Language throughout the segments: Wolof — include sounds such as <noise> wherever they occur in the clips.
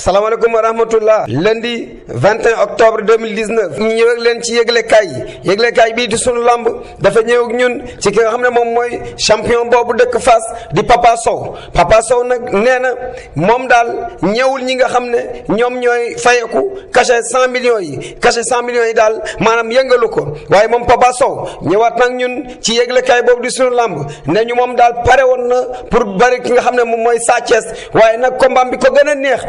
asalaamaaleykum wa rahmatullah lundi 21 octobre 2019 ñu ñëw ak leen ci yëglekaay yi yëglekaay bii di sunu làmb dafa ñëw ak ñun ci ki nga xam ne moom mooy champion boobu dëkk fas di Papa Sow Papa Sow nag nee na moom daal ñëwul ñi nga xam ne ñoom ñooy fayeku cachet 100 millions yi cachet 100 yi daal maanaam yëngalu ko waaye moom Papa Sow ñëwaat nag ñun ci yëglekaay boobu di sunu làmb ne ñu moom daal pare woon na pour bari ki nga xam ne moom mooy Sa Thiès waaye nag combat bi ko gën a neex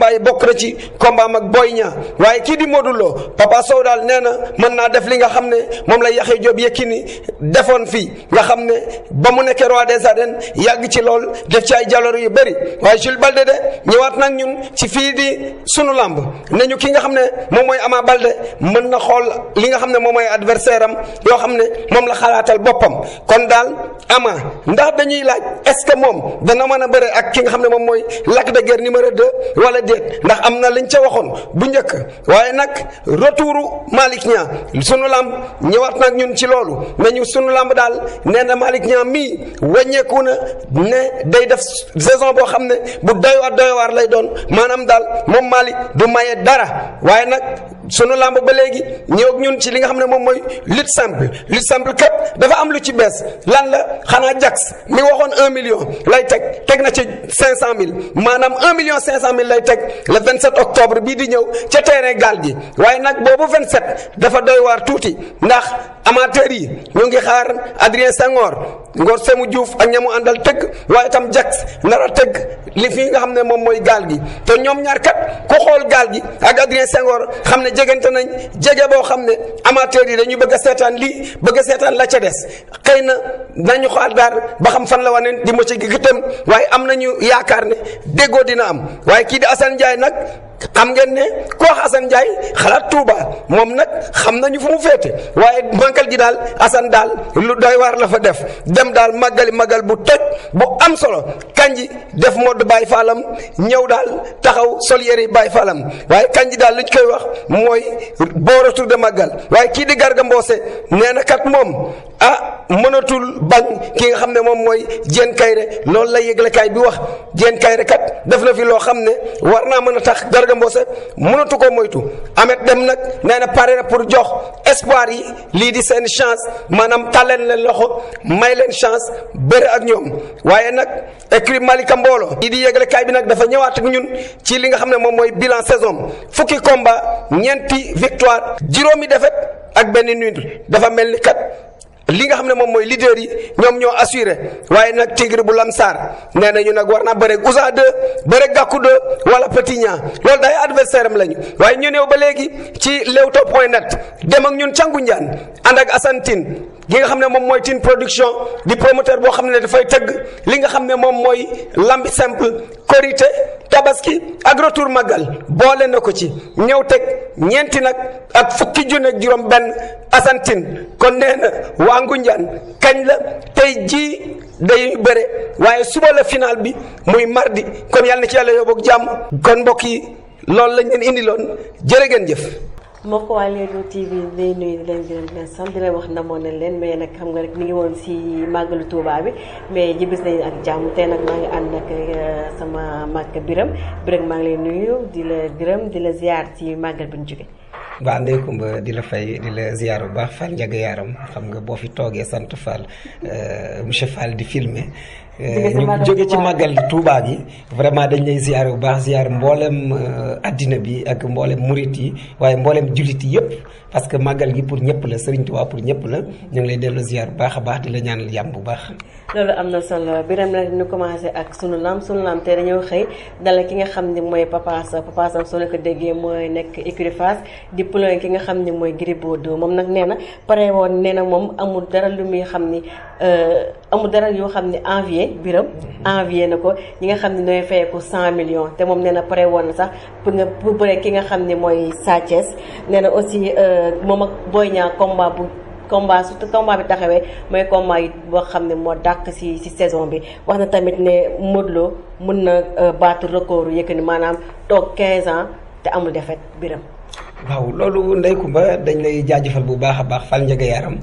combat yi bokk na ci combat am ak Boy Niang waaye kii di Modou Lo Papa Sow daal nee na mën naa def li nga xam ne moom la Yaxya Joob Yékini defoon fii nga xam ne ba mu nekkee roi des arènes yàgg ci lool def ci ay jaloor yu bëri waaye Jules Balde de ñëwaat nag ñun ci fii di sunu lamb ne ñu ki nga xam ne moom mooy Ama Balde mën na xool li nga xam ne moom mooy adversaire am yoo xam ne moom la xalaatal boppam kon daal ama ndax dañuy laaj est-ce que moom dana mën a bëre ak ki nga xam ne moom mooy Lac de Guiers numéro de wala déet ndax am na liñ ca waxoon bu njëkk waaye nag retouru Malick Niang sunu lamb ñëwaat nag ñun ci loolu nañu sunu lamb daal nee na Malick Niang mii wàññeeku na ne day def saison boo xam ne bu doy waar doy lay doon maanaam daal moom Malick du maye dara waaye nag sunu lamb ba léegi ñëw ak ñun ci li nga xam ne moom mooy lutte simple lutte simple képp dafa am lu ci bees lan la xanaa jax mi waxoon un million lay teg teg na ci 500000 maanaam 1 million 500000 lay teg le 27 octobre bii di ñëw ca terrain gaal gi waaye nag boobu 27 dafa doy waar tuuti ndax amateurs yi ñu ngi xaar Adrien Senghor Ngor Semu Diouf ak ñamu àndal tëgg waaye itam jax nar a tëgg li fi nga xam ne moom mooy gaal gi te ñoom ñaar kat ku xool gaal gi ak Adrien Senghor xam ne jegante nañ jege boo xam ne amateurs yi ñu bëgg a seetaan lii bëgg a seetaan la ca des xëy na nañu xaar daar ba xam fan la waneen di mo ci gi waaye am nañu yaakaar ne déggoo dina am waaye kii di Assane Ndiaye nag xam ngeen ne ku wax Assane Ndiaye xalaat Touba moom nag xam nañu fu mu feete waaye màggal gi daal Assane daal lu doy waar la fa def dem daal màggali màggal bu toj bu am solo kanji def modd Baye Fallam ñëw daal taxaw sol yére yi Baye Fallam waaye kanji daal li koy wax mooy boo de màggal waaye kii di Garga mboose nee na kat moom a ah, mënatul bañ ki nga xam ne moom mooy Diène Kaïré loolu la yëglekaay bi wax Diène Kaïré def na fi loo xam ne war naa mën a tax Aida Mbose mënatu ko moytu Ameth Deme nag nee na pare na pour jox espoir yi lii di seen chance maanaam tàlleen leen loxo may leen chance bëre ak ñoom waaye nag écrit Malika Mbooloo yi di yëgle kaay bi nag dafa ñëwaat ak ñun ci li nga xam ne moom mooy bilan saison fukki combat ñeenti victoire juróomi défaite ak benn nul dafa mel ni kat. li nga xam ne moom mooy leader yi ñoom ñoo assuré waaye nag tigre bu lamsaar nee nañu nag war naa bëreeg Ousa 2 bëreeg Gakou 2 wala Petit Niang loolu day adversaire am lañu waaye ñu new ba léegi ci leewtoo point net dem ak ñun cangu njaan ànd ak assantine Tine nga xam ne moom mooy Tine production di promoteur boo xam ne dafay tëgg li nga xam ne moom mooy lambi simple korité tabaski ak retour boole na ko ci ñëw teg ñeenti nag ak fukki junne ak juróom benn asantin kon nee na waa Ngunjaan kañ la tey jii day bëre waaye suba la final bi muy mardi kon yàlla na ci yàlla yóbbu ak jàmm kon mbokk yi loolu lañ leen indi loon jërë ngeen jëf mbokk waa Leewtoo TV di leen nuyu di leen gërëm di sant di wax namoon nañ leen mais nag xam nga rek ni ngi woon si màggalu Touba bi mais ñibbis nañu ak jàmm tey nag maa ngi ànd ak eh, sama màgg biram biram maa ngi nuyu di la gërëm di la ziar ci màggal bi ñu jóge waaw Ndeye Comba di la fay di la bu baax Fall Ndiaga Yaram xam nga boo fi toogee sant Fall eh, monsieur Fall di filmer Eh, ñu jóge ci màggal Touba gi vraiment dañ lay ziar bu baax ziar mboolem euh, addina bi ak mboolem murit yi waaye mboolem jullit yi yëpp parce que màggal gi pour ñëpp la Serigne Touba pour ñëpp la ñu ngi lay dellu ziar bu baax a baax di la ñaanal yàmm bu baax. am na solo Birame commencé ak sunu lam sunu lam te dañoo xëy dala ki nga xam ne mooy Papa Sow Papa Sow soo leen ko déggee mooy nekk écurie Fass di pulon ki nga xam ne mooy Gris Bordeaux moom nag nee na pare woon nee na moom amul dara lu muy xam ni euh, amul dara yoo xam ne envie envié biram envié na ko ñi nga xam ne nooy fayeeku cent million te moom nee pare woon sax pour nga pour bëre ki nga xam ne mooy Sa Thiès nee na aussi euh, moom ak booy Niang combat bu combat surtout bi taxawee mooy combat yi boo xam ne moo dàq ci ci saison bi wax na tamit ne Modou Lo mun na euh, battre record Yékini maanaam toog 15 ans te amul défaite biram waaw loolu Ndeye Comba dañ lay jaajëfal bu baax a baax fal njëga yaram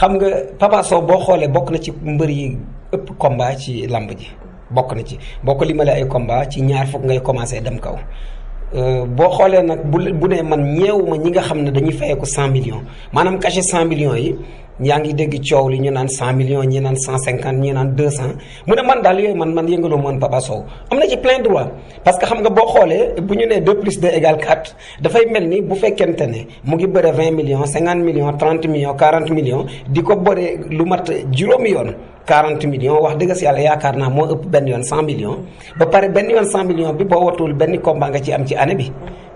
xam nga Papa boo xoolee bokk na ci mbër yi ëpp combat ci lamb ji bokk na ci boo ko limalee ay combat ci ñaar fukk ngay commencé dem kaw euh, boo xoolee nag bu bu nee man ñeewu ñi nga xam ne dañuy fayeeku 100 million maanaam cachet 100 millions yi yaa ngi dégg coow li ñu naan cent millions ñi naan cent cinquante ñi naan deux cent mu ne man daal yooyu man man yëngaloo man Papa am na ci plein droit parce que xam nga boo xoolee bu ñu nee deux plus deux égale quatre dafay mel ni bu fekkente ne mu ngi bëre vingt million cinquante million trente millions quarante millions di ko bëree lu mat juróomi yoon. 40 millions wax dëgg si yàlla yaakaar naa moo ëpp benn yoon 100 millions ba pare benn yoon 100 millions benn combat ci am ci année bi.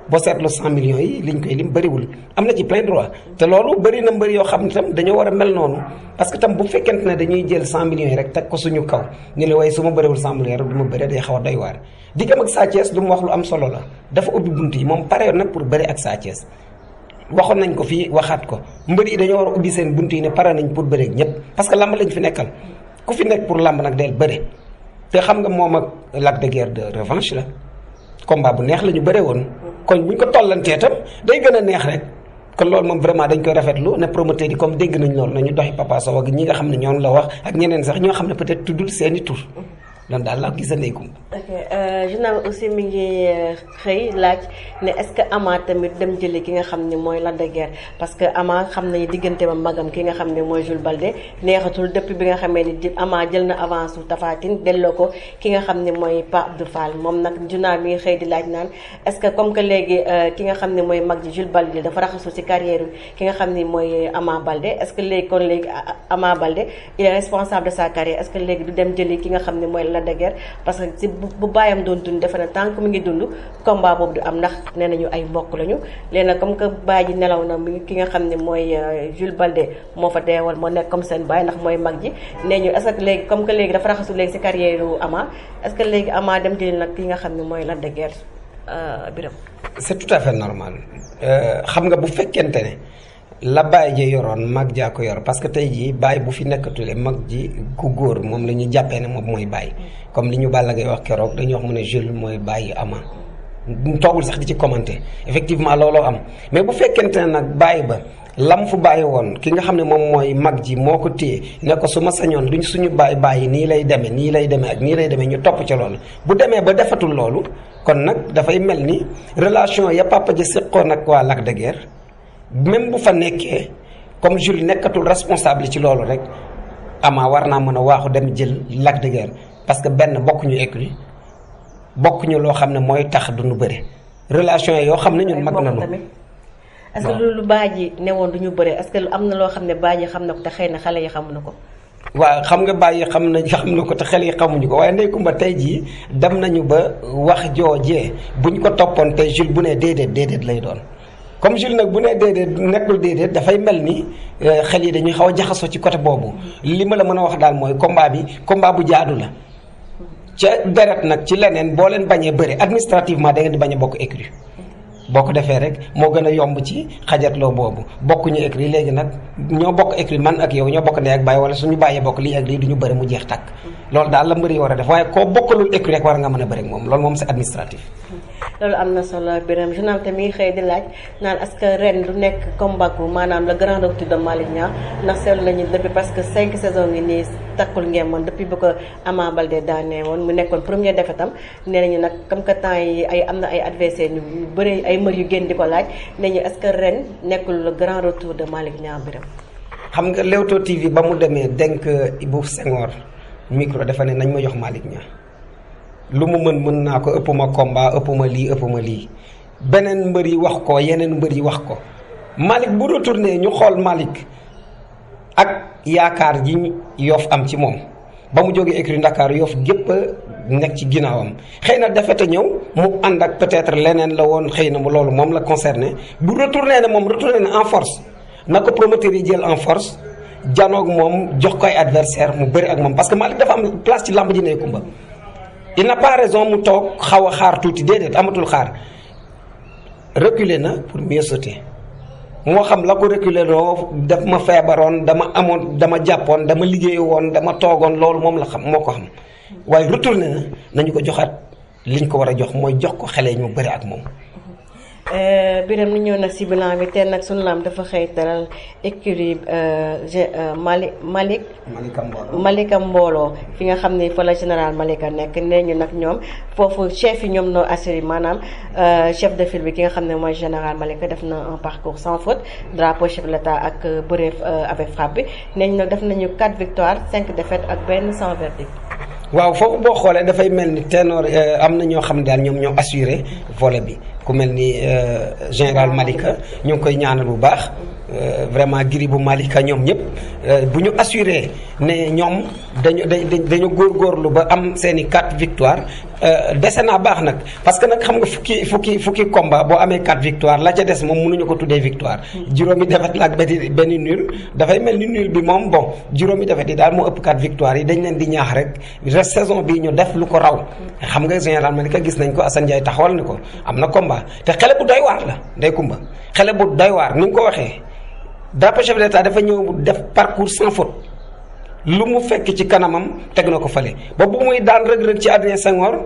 boo seetloo 100 millions yi liñ koy lim bëriwul am na ci plein droit te loolu bëri na mbëri yoo xam ne tam dañoo war a mel noonu parce que tam bu fekkent ne dañuy jël 100 millions yi rek teg ko suñu kaw ñu ne waaye su ma bëriwul 100 rek du ma bëri day xaw a doy waar diggam ak Sa Thiès lu mu solo la dafa ubbi bunt yi moom pareyoon nag pour bëri Sa waxoon nañ ko fii waxaat ko mbëri yi dañoo war a seen bunt yi ne pare nañ pour bëri ak ñëpp parce que lamb lañ fi nekkal ku fi nekk pour lamb nag del bëri te xam nga moom ak Lac de Guerre de revanche la combat bu neex la ñu bëre woon kon bu ñu ko tollantee itam day gën a neex rek kon loolu moom vraiment dañ koy rafetlu ne promoteur yi comme dégg nañ loolu nañu doxi Papa Sow ak ñi nga xam ne ñoom la wax ak ñeneen sax ñoo xam ne peut-être tuddul seeni tur loolu daal laa gisandeeku. ok euh, journal bi aussi mi ngi euh, xëy laaj ne est-ce que Ama tamit dem jëli ki nga xam ne mooy Lac de parce que Ama xam nañu diggante ba magam ki nga xam ne mooy Jules Balde neexatul depuis bi nga xamee ni Ama jël na avance su Tapha Tine delloo ko ki nga xam ne mooy Pape Abdou Fall moom nag journal mi ngi xëy di laaj naan est-ce que comme que léegi euh, ki nga xam ne mooy mag ji Jules Balde dafa raxasu ci carrière ki nga xam ne mooy Ama Balde est-ce que léegi kon léegi Ama Balde il responsable de sa carrière est léegi du dem jëli ki nga xam ne mooy la dëgër parce que si bu bàyyam doon dund defe na que mu ngi dund combat boobu du am ndax nee nañu ay mbokk lañu léegi comme que baay ji nelaw na ki nga xam ne mooy euh, Jules Balde moo fa deewal moo nekk comme seen baay ndax mooy mag ji nee ñu est-ce léegi comme que léegi dafa raxasu léegi si carrière wu Ama est-ce que léegi Ama dem jëli nag ki nga xam ne mooy la dëgër euh, Birame. c'est tout à fait normal euh, xam nga bu fekkente ne. la baay ja yoroon mag jaa ko yor parce que tey jii baay bu fi nekkatule mag ji ku góor moom la ñu jàppee ne moom mooy bàyyi comme li ñu Balla Gaye wax keroog dañuy wax mu ne Jules mooy baayu Ama toogul sax di ci commenté effectivement looloo am mais bu fekkente ne nag bàyyi ba lam fu bàyyi woon ki nga xam ne moom mooy mag ji moo ko téye ne ko su ma sañoon duñ suñu bàyyi bàyyi nii lay demee nii lay demee ak nii lay demee ñu topp ca loolu bu demee ba defatul loolu kon nag dafay mel ni relation ya papa ji seqoon ak waa Lac de même bu fa nekkee comme jury nekkatul responsable ci loolu rek ama war naa mën a waaxu dem jël Lac de Guiers parce que benn bokkuñu écurie bokkuñu loo xam ne mooy tax du ñu bëre relation yoo xam ne ñun mag nañu. est-ce que lu baaji newoon du ñu bëre est lu am na loo xam ne baaji xam na ko te xëy na xale yi xamuñu ko. waaw xam nga bàyyi xam na xam na ko te xel yi xamuñu ko waaye ndeykumba tey jii dem nañu ba wax joojee buñ ko toppoon tey Jules bu ne déedéet déedéet lay doon. comme Jules nag bu nee déedéet nekkul déedéet dafay mel ni euh, xel yi dañuy xaw a jaxasoo ci côté boobu li ma la mën a wax daal mooy combat bi combat bu jaadu la ca deret nag ci leneen boo leen bañee bëri administrativement da ngeen di bañ bokk écrit boo ko defee rek moo gën a yomb ci xajatloo boobu bokkuñu écrit léegi nag ñoo bokk écrit man ak yow ñoo bokk ndey ak bàyyi wala suñu bàyyee bokk lii ak lii du ñu mu jeex tàkk lool daal la mbëri war a def waaye koo bokkalul écrit rek war a bëri moom loolu moom c'est administratif loolu am na solo Birame te mi xëyee di laaj naan est que ren lu nekk comeback bu maanaam le grand retour de Malick Niang ndax seetlu nañu depuis parce que cinq saisons yi nii takkul ngeen moon depuis bu ko Ama Baldé daanee woon mu nekkoon premier défaite am nee nañu nag comme que temps yi ay am na ay adversaires yu bëri ay mbër yu génn di ko laaj nee nañu est-ce que ren nekkul le grand retour de Malick Niang Birame xam nga Leewtoo TV ba mu demee denk Ibou Senghor micro dafa ne nañ ma jox Malick Niang lu mu mën mën naa ko ëpp ma komba ëpp ma lii ëpp ma lii beneen mbër yi wax ko yeneen mbër yi wax ko Malick bu retourné ñu xool Malick ak yaakaar ji Yoff am ci moom ba mu jógee écurie Ndakaar Yoff gépp nekk ci ginnaawam xëy na defete ñëw mu ànd ak peut-être leneen la woon xëy na mu loolu moom la concerné bu retourné na moom retourné na en force na ko promoteur yi jël en force janoog moom jox koy adversaire mu bëri ak moom parce que Malick dafa am place ci làmb ji ne kumba il n'a pas raison mu toog xaw a xaar tuuti déedéet amatul xaar reculer na pour mieux sauter moo xam la ko reculer loo daf ma feebaroon dama amoon dama jàppoon dama liggéey woon dama toogoon loolu moom la xam moo ko xam waaye retourné na nañu ko joxaat liñ ko war a jox mooy jox ko xale ñu bëri ak moom Euh, biram ni ñoo nag si bilan bi tey nag sunu laam dafa xëy dalal écurie euh, euh, Mali Malick Malika Mbooloo ki nga xam ne fa la général Malika nekk nee ñu nag ñoom foofu chef yi ñoom noo assuré maanaam chef de file bi ki nga xam ne mooy général Malika def na un parcours sans faute drapeau chef de l'État ak bëreef avec frappe bi nee ñu nag def nañu 4 victoires 5 défaites ak benn sans verdict waaw foofu boo xoolee dafay mel ni ténor euh, am na ñoo xam ne daal ñoom ñoo assuré volet bi ku mel ni euh, général Malika ñu ngi koy ñaanal bu baax euh, vraiment giri bu Malika ñoom ñëpp bu ñu assuré ne ñoom dañu dañu dañu góorgóorlu ba am seen i quatre victoire Euh, dese naa baax nag parce que nag xam nga fukki fukki fukki combat boo amee 4 victoire la des moom mënuñu ko tuddee victoire juróomi defet la ak benn benn nul dafay mel ni nul bi moom bon juróomi defet yi daal moo ëpp 4 victoire yi dañ leen di ñaax rek reste saison bi ñu def lu ko raw xam nga général Malika gis nañ ko Assane Ndiaye taxawal ni ko am na komba te xele bu doy waar la ndey kumba xele bu doy waar ni nga ko waxee drapeau chef d'état dafa ñëw def parcours sans faute lu mu fekk ci kanamam teg na ko fale ba bu muy daan rëg-rëg ci Adrien Senghor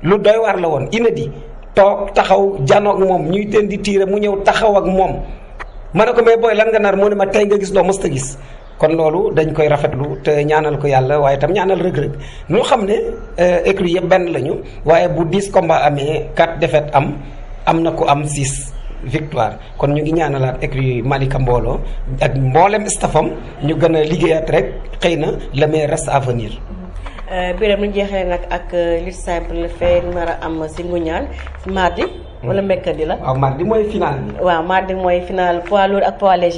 lu doy waar la woon di toog taxaw janoog moom ñuy teen di tiire mu ñëw taxaw ak moom ma ne ko mais booy lan nga nar mu ne ma tey nga gis doo mës ta gis kon loolu dañ koy rafetlu te ñaanal ko yàlla waaye itam ñaanal rëg-rëg ñu xam ne euh, écrit yëpp benn lañu waaye bu diis combat amee 4 défaite am am na ko am 6 victoire kon ñu ngi ñaanalaat écurie Malika Mbooloo ak mboolem stafam ñu gën a liggéeyaat rek xëy na le meilleur reste à venir. Euh, Birame jeexee nag ak euh, lutte simple fee nar a am si Ngoundiane mardi. wala hmm. mercredi la. waaw mardi mooy final bi. waaw mardi mooy final poids lourd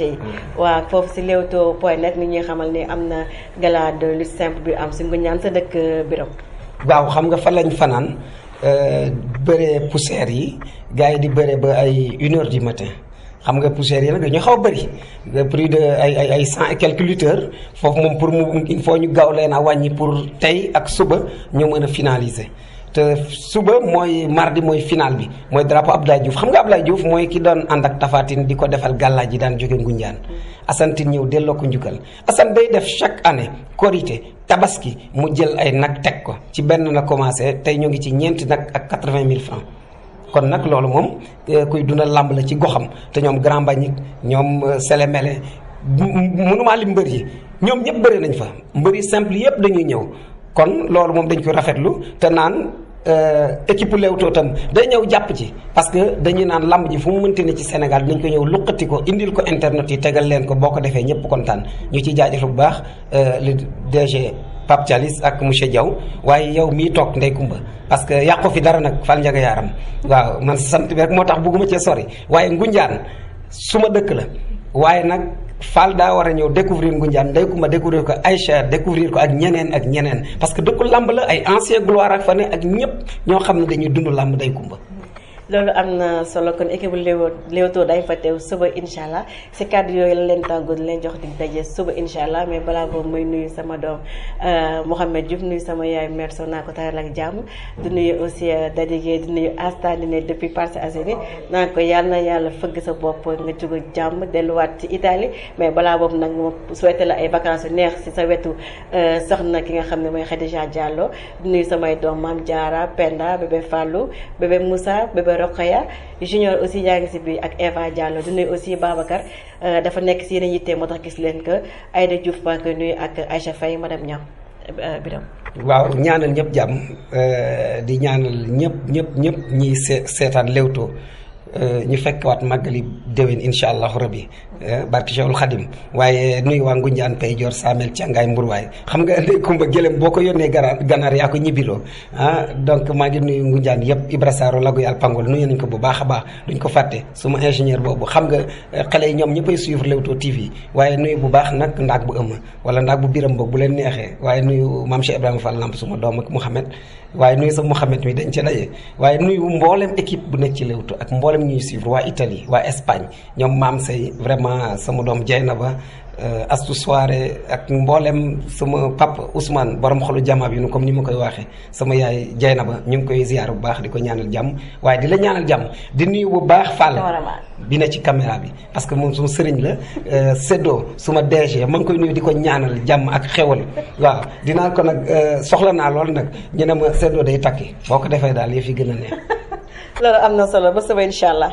yi. Hmm. waaw foofu si Leewtoo point net ni ñuy xamal ni am na gala de lutte simple bi am si Ngoundiane sa dëkk euh, Birame. waaw xam nga fan lañ fanaan. Euh, bëree poussière yi gars yi di bëre ba ay une heure du matin xam nga poussière yi nag dañu xaw a bëri plus de ay ay ay cent et quelques foofu moom pour mu foo ñu gaaw leen naa wàññi pour tey ak suba ñu mën a finaliser. te suba mooy mardi mooy final bi mooy drapeau Abdoulaye Diouf xam nga Abdoulaye Diouf mooy kii doon ànd ak Tafatine di ko defal gàllaaj ji daan jóge Ngunjaan asantin ñëw delloo ko njukkal asan day def chaque année korité tabaski mu jël ay nag teg ko ci benn na commencé tey ñu ngi ci ñeenti nag ak quatre-vingt mille francs kon nag loolu moom euh, kuy dundal làmb la ci goxam te ñoom Grand Bagnic ñoom euh, Sélémélé mënumaa lim mbër yi ñoom ñëpp bëri nañ fa mbëri simple yëpp dañuy ñëw kon loolu moom dañ ko rafetlu te naan euh, équipe lewtoo tam day ñëw jàpp ci parce que dañuy naan lamb ji fu mu mënti ne ci Sénégal dañ ko ñëw luqati ko indil ko internet yi tegal leen ko boo ko defee ñëpp kontaan ñu ci jaajëfal bu baax euh, le DG Pape Thialis ak monsieur Diaw waaye yow mii toog ndey kumba parce que yàqu fi dara nag fal njaga yaaram waaw man sant bi moo tax bugguma cee sori waaye Ngunjaan su ma dëkk la waaye nag Fall daa war a ñëw découvrir Ngoundiane Ndeye Coumba découvrir ko ay Aïcha découvrir ko ak ñeneen ak ñeneen parce que dëkku làmb la ay ancien gloire ak fa ne ak ñëpp ñoo xam ne dañuy dund làmb Ndeye Coumba loolu am na solo kon équipe bu Leewtoo dañ fa teew suba incha allah si kàddu yooyu la leen tàggoo di leen jox dig daje suba incha allah mais balaa boobu may nuyu sama doom euh, Mouhamed Diouf nuyu sama yaay mère so ko taral ak jàmm di nuyu aussi euh, Dadigé di nuyu Asta ne depuis Parcelles Assainies naa ko yal na yàlla fëgg sa bopp nga jóg jàmm delluwaat ci Italie mais balaa boobu nag ma souhaité la ay vacances neex si sa wetu euh, na ki nga xam ne mooy Khadija Diallo di nuyu samay doom maam Diarra Penda bébé Fallou bébé Moussa bébé Rokhaya Junior aussi yaa ngi si biir ak Eva Diallo di nuyu aussi Babacar euh, dafa nekk si yeneen yitte moo tax gis leen que ay Diouf maa ngi nuyu ak Aïcha Faye madame Niang euh, Biram waaw ñaanal ñëpp jàmm euh, di ñaanal ñëpp ñëpp ñëpp ñiy seetaan Leewtoo Euh, ñu fekkwaat màggali déwén incha allahu rabi euh, barke Cheikhul Khadim waaye euh, nuyu waa Ngunjaan pay joor saamel càngaay mburwaay xam nga <laughs> ndey kumba gëlëm boo ko yónnee ganaar ganaar yaa ko ñibbiloo ah donc maa ngi nuyu Ngunjaan yëpp Ibra Saaro lagu yàlla nuyu nañ ko bu baax a baax duñ ko fàtte suma ingénieur boobu xam nga xale yi ñoom ñëppay suivre Leewtoo TV waaye nuyu bu baax nag ndaag bu ëmm wala ndaag bu biram boog bu leen neexee waaye nuyu maam Cheikh Ibrahima Fall Lamp suma doom ak Mouhamed waaye nuyu sa Mouhamed mi dañ ca daje waaye mboolem ñuy suivre waa Italie waa Espagne ñoom maam say vraiment sama doom Dieynaba euh, astu soirée ak mboolem sama pap Ousmane borom xolu jàmmaab yi nu comme ni ma koy waaxee sama yaay na ba ñu ngi koy ziar bu baax di ko ñaanal jàmm waaye di la ñaanal di nuyu bu baax Fallé bi na ci caméra bi parce que moom suma sëriñ la euh, séddoo suma DG ma ngi koy nuyu di ko ñaanal jàmm ak xewal waaw dinaa euh, soxla naa loolu nag ñu ne ma séddoo day takki boo ko defee daal yëf fi gën a neex loolu am na solo ba suba incha allah.